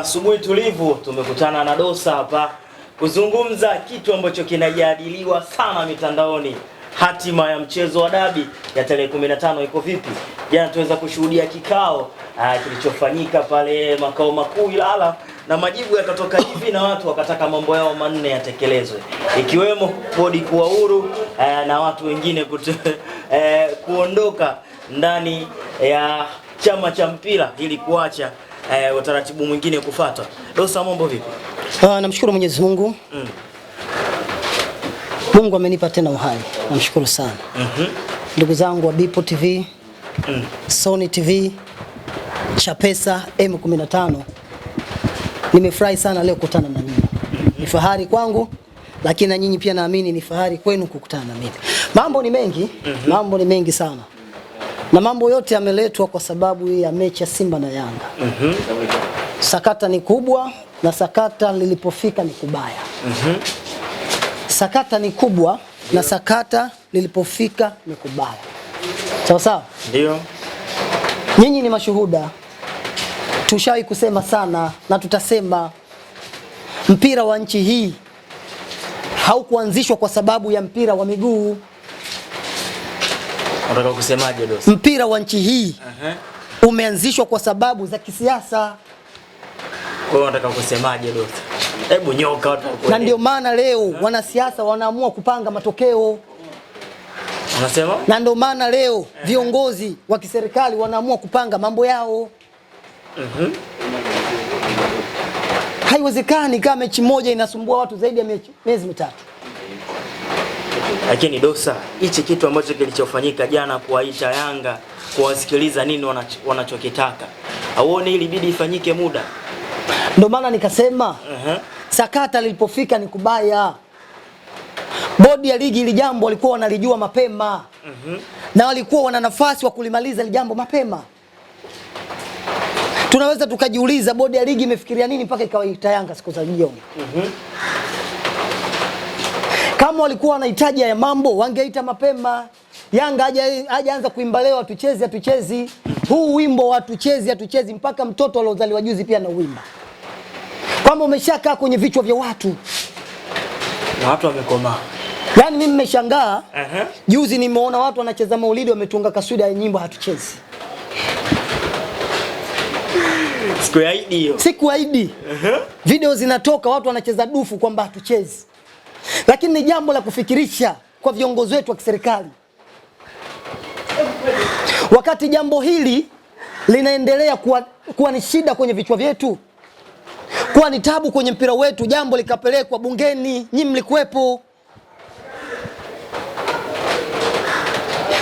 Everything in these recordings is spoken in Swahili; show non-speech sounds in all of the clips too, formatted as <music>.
Asubuhi tulivu tumekutana na Dosa hapa kuzungumza kitu ambacho kinajadiliwa sana mitandaoni. Hatima ya mchezo wa dabi ya tarehe 15 iko vipi? Jana tuweza kushuhudia kikao ah, kilichofanyika pale makao makuu Ilala na majibu yakatoka hivi, na watu wakataka mambo yao manne yatekelezwe, ikiwemo bodi kuwa huru eh, na watu wengine kutu, <laughs> eh, kuondoka ndani ya chama cha mpira ili kuacha eh, utaratibu mwingine kufuatwa. Dosa, mambo vipi? Ah, namshukuru Mwenyezi Mungu mm. Mungu amenipa tena uhai, namshukuru sana mm -hmm. Ndugu zangu wa Bipo TV mm. Sony TV, Chapesa, M15, nimefurahi sana leo kukutana na nyinyi mm -hmm. Ni fahari kwangu lakini na nyinyi pia naamini ni fahari kwenu kukutana na mimi. Mambo ni mengi mm -hmm. Mambo ni mengi sana na mambo yote yameletwa kwa sababu ya mechi ya Simba na Yanga. mm -hmm. Sakata ni kubwa na sakata lilipofika ni kubaya. mm -hmm. Sakata ni kubwa Dio. na sakata lilipofika ni kubaya. Sawa sawa, ndio nyinyi ni mashuhuda, tushawahi kusema sana na tutasema, mpira wa nchi hii haukuanzishwa kwa sababu ya mpira wa miguu Unataka kusemaje Dosa? Mpira wa nchi hii uh-huh. umeanzishwa kwa sababu za kisiasa. Kwa hiyo unataka kusemaje Dosa? Hebu nyoka watu. Na ndio maana leo wanasiasa wanaamua kupanga matokeo. Unasema? Na ndio maana leo uh -huh. viongozi wa kiserikali wanaamua kupanga mambo yao. Mhm. Uh-huh. Haiwezekani kama mechi moja inasumbua watu zaidi ya miezi mitatu. Lakini Dosa, hichi kitu ambacho kilichofanyika jana, kuwaita Yanga kuwasikiliza nini wanachokitaka, auone ili bidi ifanyike muda. Ndio maana nikasema uh -huh. Sakata lilipofika ni kubaya. Bodi ya ligi ili jambo walikuwa wanalijua mapema uh mhm. -huh. na walikuwa wana nafasi wa kulimaliza ili jambo mapema. Tunaweza tukajiuliza bodi ya ligi imefikiria nini mpaka ikawaita Yanga siku za jioni. Mhm. Kama walikuwa wanahitaji haya mambo wangeita mapema. Yanga hajaanza kuimba leo atuchezi atuchezi. Huu wimbo hatuchezi atuchezi mpaka mtoto aliozaliwa juzi pia anauimba, kwamba umeshakaa kwenye vichwa vya watu na watu wamekomaa. Yaani mimi nimeshangaa uh -huh. Juzi nimeona watu wanacheza maulidi wametunga kaswida ya nyimbo hatuchezi siku ya Idi hiyo, siku ya Idi uh -huh. Video zinatoka watu wanacheza dufu kwamba hatuchezi lakini ni jambo la kufikirisha kwa viongozi wetu wa kiserikali, wakati jambo hili linaendelea kuwa, kuwa ni shida kwenye vichwa vyetu, kuwa ni tabu kwenye mpira wetu, jambo likapelekwa bungeni, nyinyi mlikuwepo,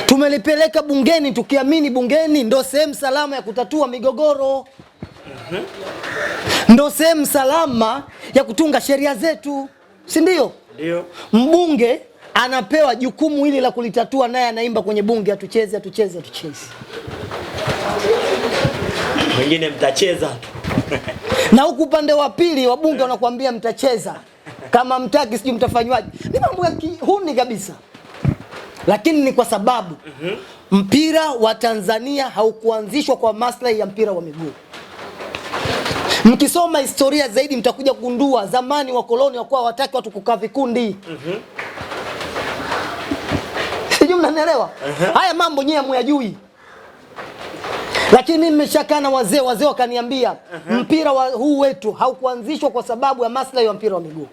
tumelipeleka bungeni tukiamini bungeni ndo sehemu salama ya kutatua migogoro, ndo sehemu salama ya kutunga sheria zetu, si ndio? Mbunge anapewa jukumu hili la kulitatua, naye anaimba kwenye bunge, atucheze atucheze atucheze. Wengine mtacheza <laughs> na huku upande wa pili wabunge wanakuambia mtacheza, kama mtaki sijui mtafanywaje. Ni mambo ya kihuni kabisa, lakini ni kwa sababu mhm. mpira wa Tanzania haukuanzishwa kwa maslahi ya mpira wa miguu. Mkisoma historia zaidi mtakuja kugundua zamani wakoloni wakuwa wataki watu kukaa vikundi. Mhm. Sijui mnanielewa? Uh-huh. Haya mambo nyewe hamyajui. Lakini mimi nimeshakaa na wazee, wazee wakaniambia uh-huh. mpira wa huu wetu haukuanzishwa kwa sababu ya maslahi ya mpira wa miguu.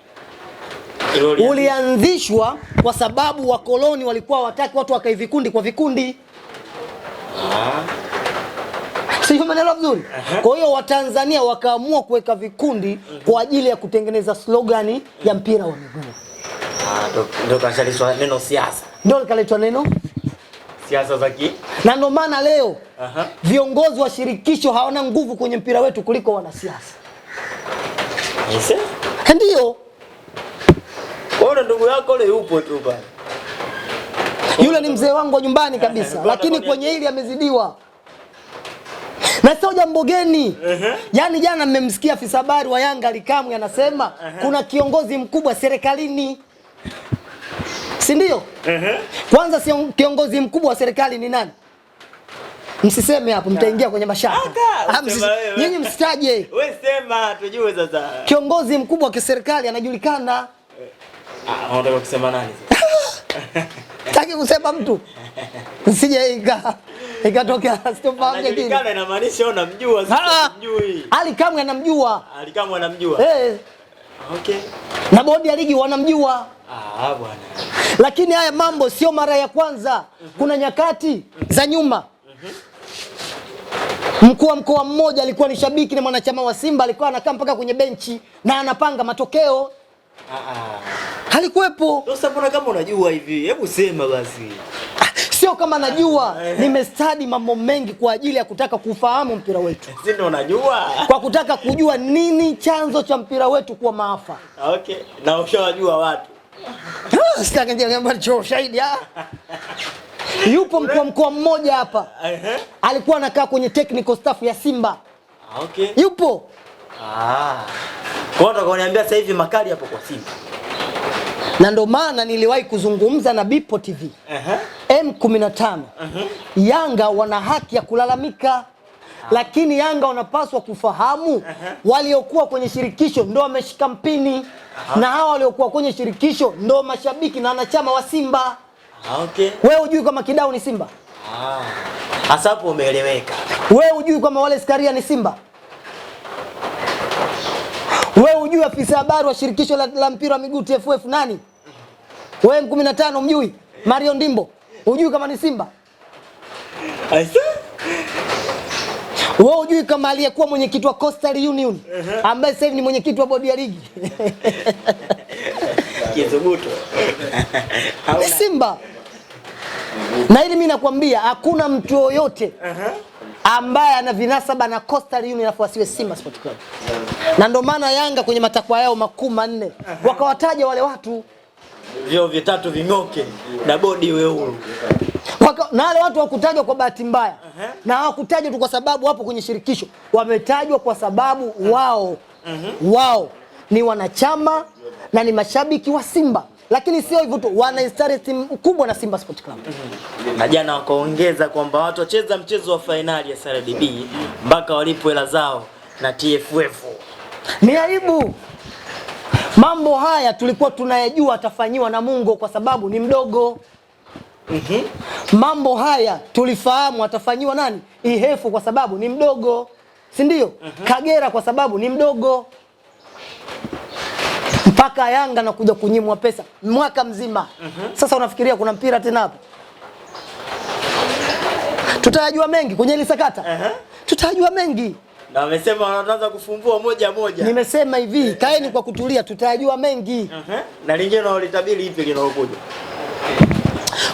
Ulianzishwa kwa sababu wakoloni walikuwa wataki watu wakae vikundi kwa vikundi. Ah. Sio maneno mazuri. Kwa hiyo Watanzania wakaamua kuweka vikundi mhm. kwa ajili ya kutengeneza slogani ya mpira wa miguu. Ah, ndio kaletwa neno siasa. Ndio kaletwa neno siasa za ki. Na ndio maana leo Aha. viongozi wa shirikisho hawana nguvu kwenye mpira wetu kuliko wanasiasa. Ndio. Wewe ndugu yako leo yupo tu bana. Yule ni mzee wangu wa nyumbani kabisa, lakini kwenye hili amezidiwa na sio jambo geni Yaani jana mmemsikia afisa habari wa Yanga Likamwe anasema kuna kiongozi mkubwa serikalini, si ndio? Kwanza si Kwanza kiongozi mkubwa wa serikali ni nani? Msiseme hapo, mtaingia kwenye mashaka. Ah, nyinyi msitaje, wewe sema tujue sasa. Kiongozi mkubwa wa kiserikali anajulikana. Eh, ah, unataka kusema nani? <laughs> taki kusema mtu, msijeika ikatokea Stopper Argentina. Anajulikana inamaanisha wewe unamjua, unamjui. Ali Kamwe anamjua. Ali Kamwe anamjua. Eh. Okay. Na bodi ya ligi wanamjua. Ah, bwana. Lakini haya mambo sio mara ya kwanza. Mm -hmm. Kuna nyakati mm -hmm. za nyuma. Mm -hmm. Mkuu wa mkoa mmoja alikuwa ni shabiki na mwanachama wa Simba, alikuwa anakaa mpaka kwenye benchi na anapanga matokeo. Ah ah. Halikuwepo. Sasa mbona kama unajua hivi? Hebu sema basi sio kama najua, eh. nimestadi mambo mengi kwa ajili ya kutaka kufahamu mpira wetu. Si ndio unajua? Kwa kutaka kujua nini chanzo cha mpira wetu kuwa maafa. Okay. Na ushawajua watu. Ushahidi yupo mkuu wa mkoa mmoja hapa alikuwa anakaa kwenye technical staff ya Simba. Okay. Yupo. Ah. Kwa hiyo unaniambia sasa hivi makali hapo kwa Simba na ndo maana niliwahi kuzungumza na Bipo TV uh -huh. M15 uh -huh. Yanga wana haki ya kulalamika ah. lakini Yanga wanapaswa kufahamu uh -huh. waliokuwa kwenye shirikisho ndo wameshika mpini uh -huh. na hawa waliokuwa kwenye shirikisho ndo mashabiki na wanachama wa Simba. Ah, okay. Wewe hujui kama Kidau ni Simba? Ah. Asapo umeeleweka. Wewe hujui kama wale Skaria ni Simba? Wewe hujui afisa habari wa shirikisho la, la mpira wa miguu TFF nani? Wewe M15 mjui? Mario Ndimbo. Hujui kama ni Simba? Aisha. Wewe hujui kama aliyekuwa mwenyekiti wa Coastal Union ambaye sasa hivi ni mwenyekiti wa bodi ya ligi. <laughs> Kizubuto. Simba. Na ili mimi nakwambia hakuna mtu yoyote ambaye ana vinasaba na Coastal Union afu asiwe Simba Sports Club. Na ndio maana Yanga kwenye matakwa yao makuu manne wakawataja wale watu vyo vitatu ving'oke na bodi iwe huru na wale watu wakutajwa kwa bahati mbaya uh -huh. Na hawakutajwa tu kwa sababu wapo kwenye shirikisho, wametajwa kwa sababu wao uh mhm. -huh. wao ni wanachama na ni mashabiki wa Simba lakini sio hivyo tu, wana istari timu kubwa na Simba Sports Club. Na jana wakaongeza kwamba watu wacheza mchezo wa fainali ya CRDB mpaka walipo hela zao na TFF. Ni aibu. Mambo haya tulikuwa tunayajua atafanyiwa na Mungo kwa sababu ni mdogo. Mm -hmm. Mambo haya tulifahamu atafanyiwa nani? Ihefu kwa sababu ni mdogo, si ndio? Mm -hmm. Kagera kwa sababu ni mdogo mpaka Yanga nakuja kunyimwa pesa mwaka mzima. Sasa unafikiria kuna mpira tena hapo? Tutayajua mengi kwenye ile sakata, tutayajua mengi na amesema wanaanza kufumbua moja moja. Nimesema hivi, kaeni kwa kutulia, tutayajua mengi. Na lingine unalitabiri ipi linalokuja?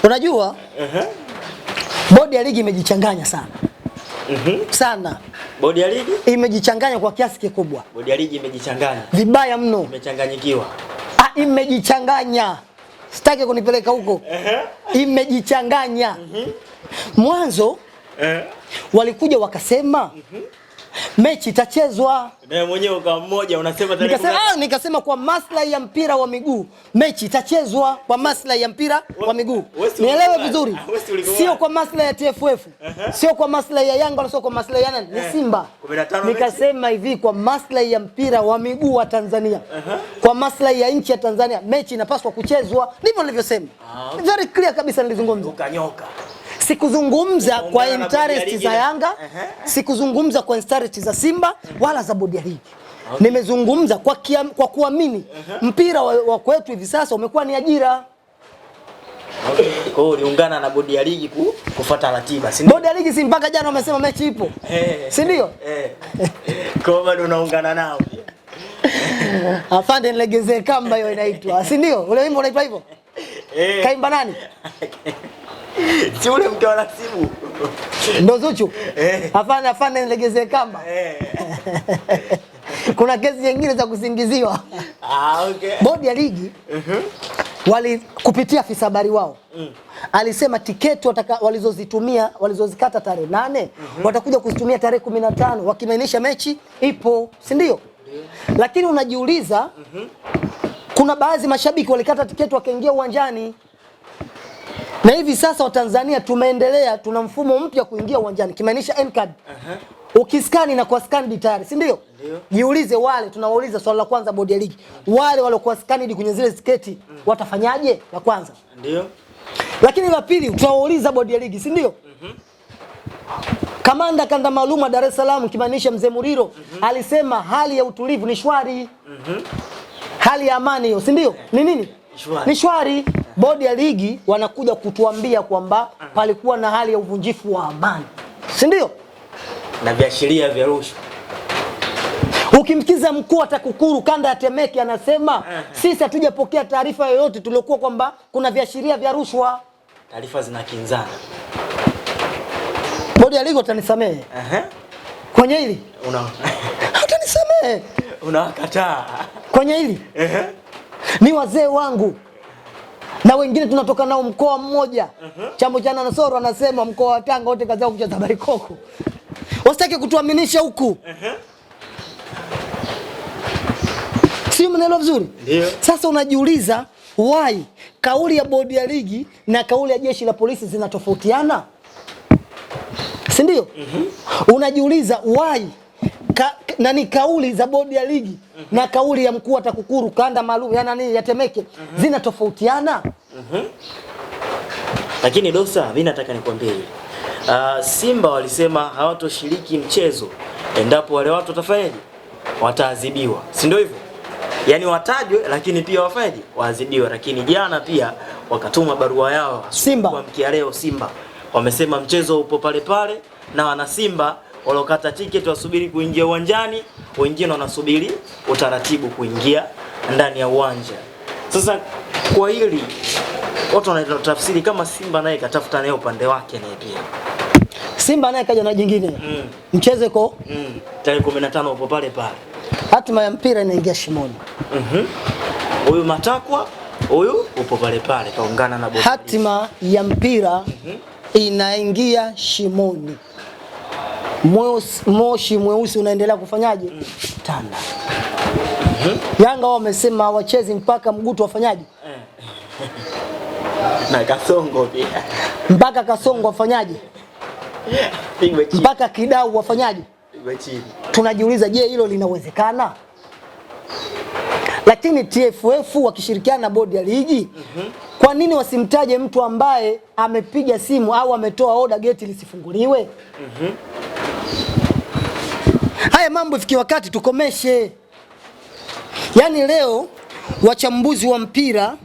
Unajua, bodi ya ligi imejichanganya sana mm -hmm. sana. Bodi ya ligi imejichanganya kwa kiasi kikubwa, bodi ya ligi imejichanganya vibaya mno, imechanganyikiwa, ah, imejichanganya. Sitaki kunipeleka huko, imejichanganya. mm -hmm. Mwanzo uh eh. -huh. walikuja wakasema mm -hmm mechi itachezwa. naye mwenyewe kwa mmoja unasema tarehe. Nikasema ah, nikasema kwa maslahi ya mpira wa miguu mechi itachezwa kwa maslahi ya mpira wa miguu. Nielewe vizuri. <laughs> Sio kwa maslahi ya TFF. Sio kwa maslahi ya Yanga, sio kwa maslahi ya nani? Ni eh, Simba. Nikasema hivi kwa maslahi ya mpira wa miguu wa Tanzania. Kwa maslahi ya nchi ya Tanzania mechi inapaswa kuchezwa. Ndivyo nilivyosema. Ah. Very clear kabisa nilizungumza. Ukanyoka. Sikuzungumza kwa interest za Yanga Sikuzungumza kwa interest za Simba wala za bodi ya ligi okay. Nimezungumza kwa, kwa kuamini Mpira wa, wa kwetu hivi sasa umekuwa ni ajira Okay. Kwa hiyo uliungana na bodi ya ligi ku, kufuata ratiba, si ndio? Bodi ya ligi si mpaka jana wamesema mechi ipo. Hey, si ndio? Hey. Kwa hiyo bado unaungana nao. <laughs> Afande nilegezee kamba hiyo inaitwa, si ndio? Ule wimbo unaitwa hivyo? Hey. Kaimba nani? <laughs> Si ule mke wa Nasibu ndo Zuchu? Eh. Hapana, hapana, nilegeze kamba. Eh. <laughs> Kuna kesi nyingine za kusingiziwa. Ah, okay. Bodi ya ligi uh mhm. -huh. wali kupitia afisa habari wao mm. alisema tiketi walizozitumia walizozikata tarehe nane uh mhm. -huh. watakuja kuzitumia tarehe kumi na tano wakimaanisha mechi ipo, si ndio? Lakini unajiuliza uh mhm. -huh. kuna baadhi mashabiki walikata tiketi wakaingia uwanjani na hivi sasa Watanzania tumeendelea, tuna mfumo mpya kuingia uwanjani, kimaanisha N-card. uh -huh. Ukiskani na kwa scan tayari, si ndio? Jiulize wale tunawauliza swali la kwanza, bodi ya ligi, wale waliokuwa scan kwenye zile sketi mm. watafanyaje? La kwanza ndio, lakini la pili tunawauliza bodi ya ligi, si ndio? uh mhm. -huh. Kamanda kanda maalum Dar es Salaam, kimaanisha mzee Muriro mm -hmm. alisema hali ya utulivu ni shwari. mm -hmm. Hali ya amani hiyo, si ndio? Eh. ni nini? ni shwari, Ni shwari bodi ya ligi wanakuja kutuambia kwamba palikuwa na hali ya uvunjifu wa amani, si ndio? Na viashiria vya rushwa. ukimkiza mkuu wa TAKUKURU kanda ya Temeke anasema sisi hatujapokea taarifa yoyote tuliokuwa kwamba kuna viashiria vya rushwa. Taarifa zinakinzana. Bodi ya ligi utanisamehe. Uh -huh. Kwenye hili una utanisamehe. <laughs> unawakataa Kwenye hili. Uh -huh. Ni wazee wangu na wengine tunatoka nao mkoa mmoja uh uh-huh. Chambo cha Nasoro anasema mkoa wa Tanga wote kazi yao kucheza habari wasitaki kutuaminisha huku uh uh-huh. Sio mnaelewa vizuri Sasa unajiuliza why kauli ya bodi ya ligi na kauli ya jeshi la polisi zinatofautiana, si ndio? Uh-huh. Unajiuliza why ka, nani kauli za bodi ya ligi uh -huh. na kauli ya mkuu wa TAKUKURU kanda maalum ya nani ya Temeke uh -huh. zinatofautiana uh mhm. -huh. Lakini Dosa, mimi nataka nikwambie uh, Simba walisema hawatoshiriki mchezo endapo wale watu watafanyaje, wataadhibiwa, si ndio hivyo? Yaani watajwe, lakini pia wafanyaje, waadhibiwa. Lakini jana pia wakatuma barua yao Simba kwa mkia leo, Simba wamesema mchezo upo pale pale na wana Simba waliokata tiketi wasubiri kuingia uwanjani, wengine wanasubiri utaratibu kuingia ndani ya uwanja. Sasa kwa hili watu tafsiri kama Simba naye katafuta naye upande wake naye pia. Simba naye kaja na jingine mm. mchezeko mm. tarehe 15 upo pale pale, hatima ya mpira inaingia shimoni. mm huyu matakwa huyu upo pale pale, kaungana na hatima ya mpira mm -hmm. inaingia shimoni moshi mweusi unaendelea kufanyaje tanda. mm -hmm. Yanga wao wamesema wachezi mpaka mgutu wafanyaje na Kasongo pia mpaka Kasongo wafanyaje mpaka Kidau wafanyaje. Tunajiuliza, je, hilo linawezekana? Lakini TFF wakishirikiana na bodi ya ligi mm -hmm. Kwa nini wasimtaje mtu ambaye amepiga simu au ametoa oda geti lisifunguliwe? mm -hmm. Haya mambo ifikie wakati tukomeshe. Yaani leo wachambuzi wa mpira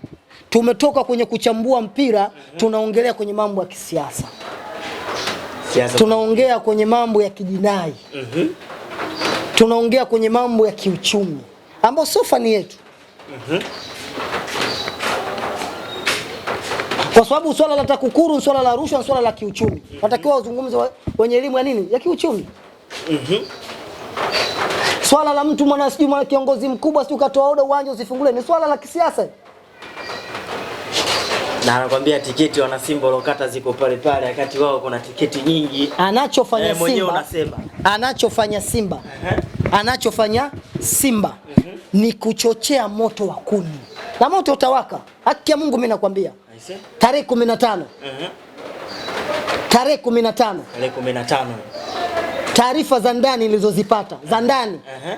tumetoka kwenye kuchambua mpira mm -hmm. Tunaongelea kwenye mambo ya kisiasa, tunaongea kwenye mambo ya kijinai mm -hmm. Tunaongea kwenye mambo ya kiuchumi ambao sio fani yetu mm -hmm. Kwa sababu swala la TAKUKURU, swala la rushwa, swala la kiuchumi mm -hmm. watakiwa wazungumze wenye elimu ya nini ya kiuchumi mm -hmm. Swala la mtu mwana sijui mwana kiongozi mkubwa sijui ukatoa oda uwanja usifungule ni swala la kisiasa, na anakwambia tiketi wana Simba lokata ziko pale pale, wakati wao kuna tiketi nyingi. Anachofanya eh, Simba anachofanya Simba uh -huh. anachofanya Simba uh -huh ni kuchochea moto wa kuni, na moto utawaka. Haki ya Mungu, mimi nakwambia tarehe 15 uh-huh. tarehe 15 tarehe 15 taarifa za ndani nilizozipata za uh-huh. ndani uh -huh.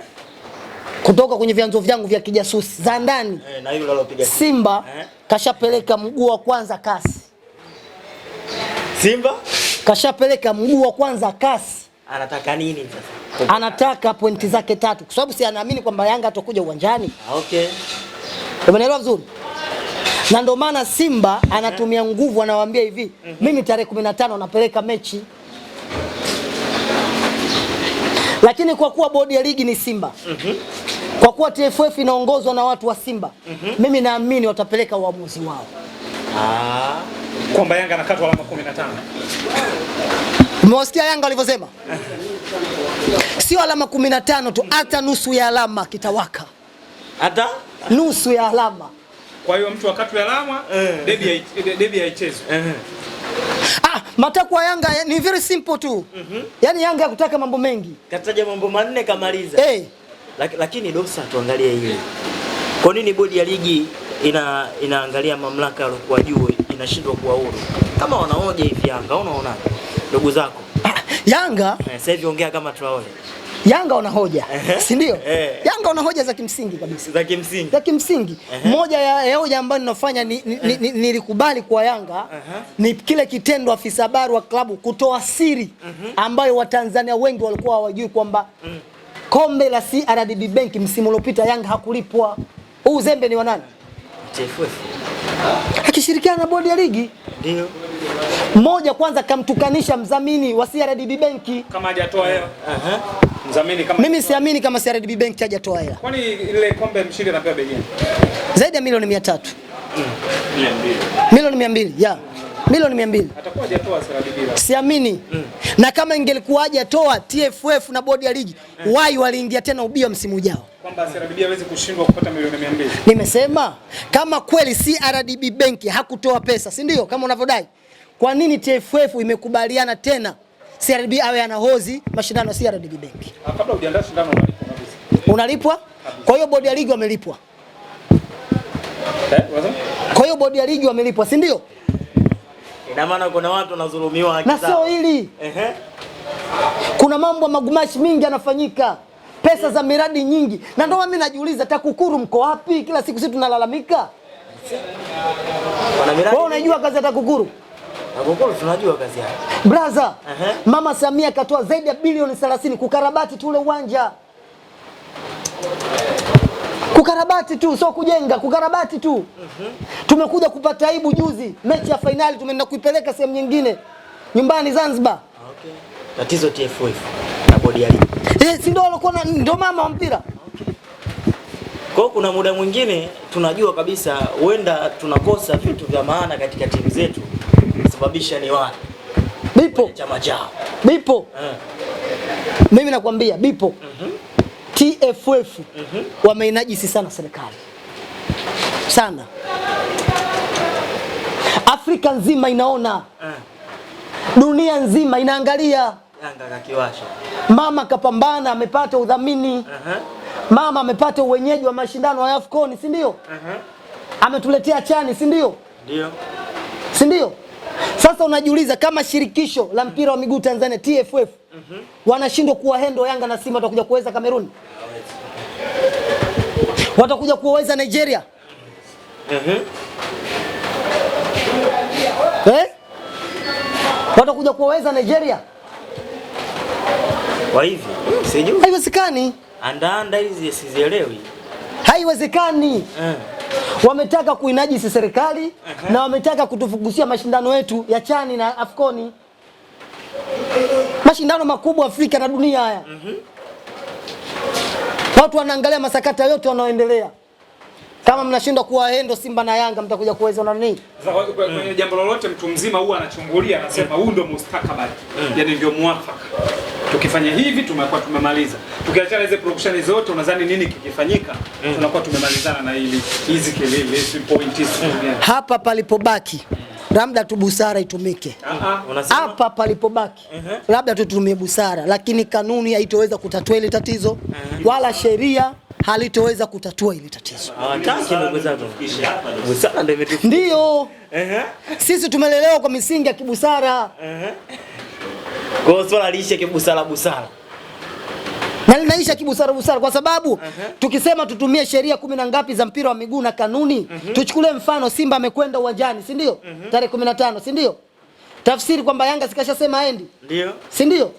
kutoka kwenye vyanzo vyangu vya kijasusi za ndani uh eh, -huh. Simba uh -huh. kashapeleka mguu wa kwanza kasi. Simba kashapeleka mguu wa kwanza kasi Anataka nini sasa? Anataka pointi zake tatu kwa sababu si anaamini kwamba Yanga atakuja uwanjani. Ah, okay. Umeelewa vizuri? Na ndio maana Simba mhm. anatumia nguvu, anawaambia hivi, mm -hmm. Mimi tarehe 15 napeleka mechi, lakini kwa kuwa bodi ya ligi ni Simba mm kwa kuwa TFF inaongozwa na watu wa Simba mm -hmm. mimi naamini watapeleka uamuzi wao ah kwamba Yanga anakatwa alama 15. Umewasikia Yanga walivyosema? Sio alama 15 tu, hata nusu ya alama kitawaka, hata nusu ya alama. Kwa hiyo mtu akatwe alama, eh. debi ya debi haichezwi. Eh. Ah, matakwa Yanga ni very simple tu. mm Yaani Yanga hakutaka mambo mengi, kataja mambo manne kamaliza. hey. Eh. Laki, lakini Dosa, tuangalie hili, kwa nini bodi ya ligi ina inaangalia mamlaka yaliokuwa juu inashindwa kuwa huru. Kama wanaoje hivi Yanga, unaona ndugu zako <coughs> Yanga eh, sasa hivi ongea kama tuwaone. Yanga wana hoja si ndio? Eh. Yanga wana hoja za kimsingi kabisa, za kimsingi, za kimsingi. Moja ya hoja ambayo ninafanya nilikubali kwa Yanga ni kile kitendo afisa habari wa klabu kutoa siri mhm. ambayo Watanzania wengi walikuwa hawajui kwamba mm. kombe la CRDB Bank msimu uliopita Yanga hakulipwa. Huu uzembe ni wa nani? TFF akishirikiana na bodi ya ligi ndio mmoja kwanza kamtukanisha mdhamini wa CRDB benki kama hajatoa hela. Aha. Mdhamini kama mimi siamini kama CRDB benki hajatoa hela. Kwani ile kombe mshindi anapewa bei gani? Zaidi ya milioni 300. Mm. Milioni 200. Milioni 200, yeah milioni mia mbili siamini mm. Na kama ingelikuwa hajatoa TFF na bodi ya ligi mm. Wai waliingia tena ubia msimu ujao kwamba CRDB hawezi kushindwa kupata milioni 200. Nimesema kama kweli CRDB benki hakutoa pesa, si ndio? Kama unavyodai, kwa nini TFF imekubaliana tena CRDB awe anahozi mashindano ya CRDB benki? Ah, kabla hujaandaa shindano unalipwa Unalipwa? Kwa hiyo bodi ya ligi wamelipwa. Eh, kwa hiyo bodi ya ligi wamelipwa, si ndio? Ina maana kuna watu wanadhulumiwa haki zao. Na sio hili. Ehe. Kuna mambo ya magumashi mingi yanafanyika pesa za miradi nyingi, na ndio mimi najiuliza TAKUKURU mko wapi? Kila siku sisi tunalalamika. Wewe unajua kazi ya TAKUKURU? TAKUKURU tunajua kazi yake. Brother, uh -huh. Mama Samia katoa zaidi ya bilioni 30 kukarabati tule uwanja Kukarabati tu sio kujenga, kukarabati tu. Tumekuja kupata aibu juzi, mechi ya fainali tumeenda kuipeleka sehemu nyingine, nyumbani Zanzibar. Okay. Tatizo TFF na bodi ya ligi. Eh, si ndio walikuwa ndio mama wa mpira. Okay. Kwa kuna muda mwingine tunajua kabisa huenda tunakosa vitu vya maana katika timu zetu, kusababisha ni wale bipo chama chao bipo. Eh. Mimi nakwambia bipo. Uh mhm. -huh. TFF wameinajisi sana serikali sana, Afrika nzima inaona Dunia nzima inaangalia. Mama kapambana amepata udhamini Mama amepata uwenyeji wa mashindano ya Afcon si ndio? Ametuletea chani si ndio? Ndio. Si ndio? Sasa unajiuliza kama shirikisho la mpira wa miguu Tanzania TFF wanashindwa kuwa wanashindwa kuwahendo Yanga na Simba, watakuja kuweza kamerun Watakuja kuweza Nigeria? Mhm. eh? watakuja kuweza Nigeria? Kwa hivyo sijui, haiwezekani. Andaanda hizi sizielewi, haiwezekani eh. Wametaka kuinajisi serikali uh-huh. na wametaka kutufugusia mashindano yetu ya chani na afkoni mashindano makubwa Afrika na dunia haya mm -hmm. Watu wanaangalia masakata yote wanaoendelea. Kama mnashindwa kuwa hendo Simba na Yanga, mtakuja kuweza na nini? Sasa kwenye jambo lolote, mtu mzima huwa anachungulia, anasema huu ndio mustakabali, mm. yani ndio mwafaka. Tukifanya hivi tumekuwa tumemaliza, tukiachana hizo production zote, unadhani nini kikifanyika? Mm. Tunakuwa tumemalizana na hili hizi kelele, hizi pointi. Mm. Hapa palipobaki labda tu busara itumike ah, ah, hapa uh -huh. palipobaki uh -huh. labda tutumie busara, lakini kanuni haitoweza kutatua ile tatizo uh -huh. wala sheria halitoweza kutatua ile tatizo. Ah, Ndiyo, sisi tumelelewa kwa misingi ya kibusara uh -huh. kwa swala lishe kibusara busara na linaisha kibusara busara, kwa sababu uh -huh. tukisema tutumie sheria kumi na ngapi za mpira wa miguu na kanuni uh -huh. tuchukulie mfano Simba amekwenda uwanjani, si ndio? uh -huh. tarehe 15, si ndio? tafsiri kwamba Yanga sikashasema aendi, ndio, si ndio?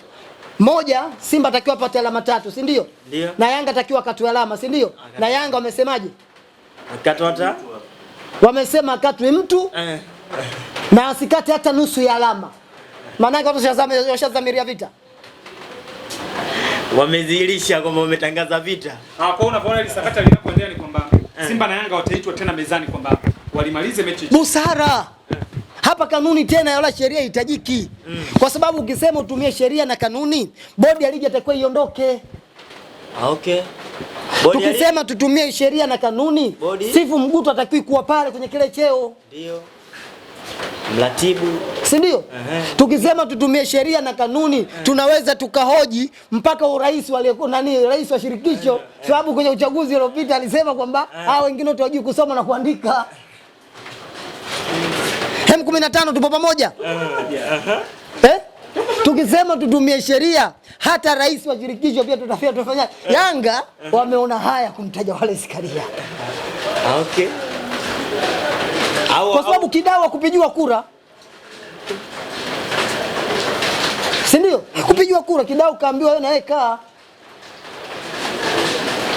Moja, Simba atakiwa apate alama tatu, si ndio? na Yanga atakiwa akatwe alama, si ndio? na Yanga wamesemaje? hata? wamesema akatwe mtu eh. na asikate hata nusu ya alama, Maana maanake watu washazamiria vita wamezihilisha kwamba wametangaza vita. Hapo ah, unapoona ile sakata linapoendelea ni kwamba eh. Simba na Yanga wataitwa tena mezani kwamba walimalize mechi. Busara. Eh. Hapa kanuni tena wala sheria itajiki. mm. Kwa sababu ukisema utumie sheria na kanuni, bodi ya ligi itakuwa iondoke. Ah, Okay. Bodi tukisema tutumie sheria na kanuni, Sifu Mguto atakiwi kuwa pale kwenye kile cheo. Ndio mratibu, si ndio? uh -huh. Tukisema tutumie sheria na kanuni uh -huh. tunaweza tukahoji mpaka urais waliokuwa nani, rais wa shirikisho uh -huh. sababu kwenye uchaguzi uliopita alisema kwamba uh -huh. wengine wote hawajui kusoma na kuandika hem 15 tupo pamoja uh -huh. eh? Tukisema tutumie sheria hata rais wa shirikisho pia tutafia uh-huh. Yanga wameona haya kumtaja wale Sikaria. Ah, okay kwa sababu kidawa kupigiwa kura, si ndio? Kupigiwa kura kidawa, kaambiwa wewe yeye kaa.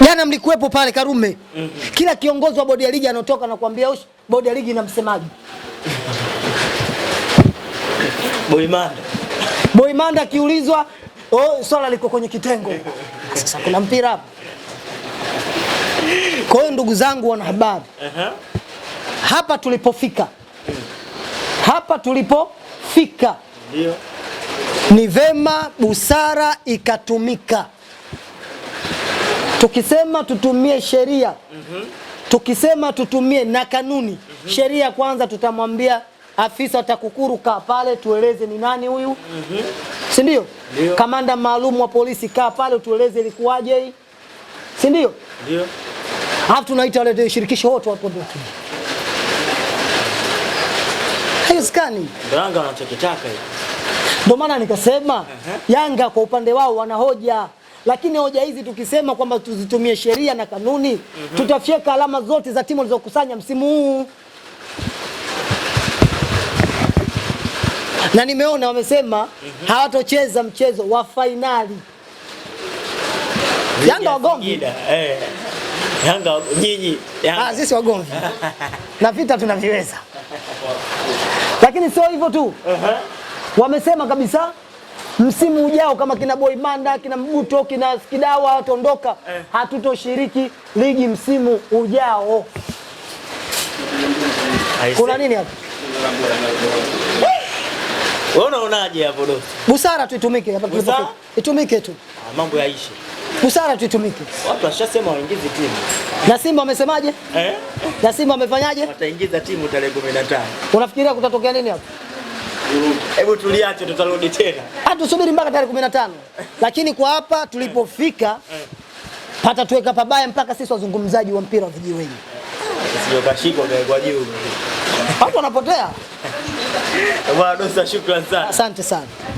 Jana mlikuwepo pale Karume, kila kiongozi wa bodi ya ligi anatoka na kuambia ush, bodi ya ligi msemaji Boimanda, Boimanda akiulizwa oh, swala liko kwenye kitengo. Sasa kuna mpira hapo. Kwa hiyo ndugu zangu wanahabari uh -huh hapa tulipofika, hapa tulipofika ni vema busara ikatumika. Tukisema tutumie sheria mhm. Tukisema tutumie na kanuni mhm. Sheria kwanza, tutamwambia afisa TAKUKURU kaa pale, tueleze ni nani huyu mhm. si ndio? Kamanda maalum wa polisi kaa pale, tueleze ilikuwaje hii, si ndio? Alafu tunaita wale shirikisho wote wapo haiwezekani. Yanga wanachokitaka hiyo, ndio maana nikasema Yanga kwa upande wao wanahoja lakini hoja hizi tukisema kwamba tuzitumie sheria na kanuni mm tutafyeka alama zote za timu walizokusanya msimu huu, na nimeona wamesema mhm. hawatocheza mchezo wa fainali. Yanga wagomvi, eh. Yanga nyinyi, ah, sisi wagomvi <laughs> na vita tunaviweza lakini sio hivyo tu uh -huh. Wamesema kabisa msimu ujao kama kina manda kina mbuto kina Skidawa wataondoka uh eh. -huh. Hatutoshiriki ligi msimu ujao. Kuna nini hapa? Wewe unaonaje hapo dosi? Busara tu itumike hapa, busara itumike tu, ah, mambo yaishi. Busara tuitumike. Watu washasema waingize timu. Na Simba wamesemaje? Eh? Na Simba wamefanyaje? Wataingiza timu tarehe 15. Unafikiria kutatokea nini hapo? Hebu tuliache tutarudi tena. Ah, tusubiri mpaka tarehe 15. Lakini kwa hapa tulipofika pata tuweka pabaya mpaka sisi wazungumzaji wa mpira wa vijiweni. Sio kashikwa kwa juu. Watu wanapotea. Bwana Dosa, shukrani sana. Asante sana.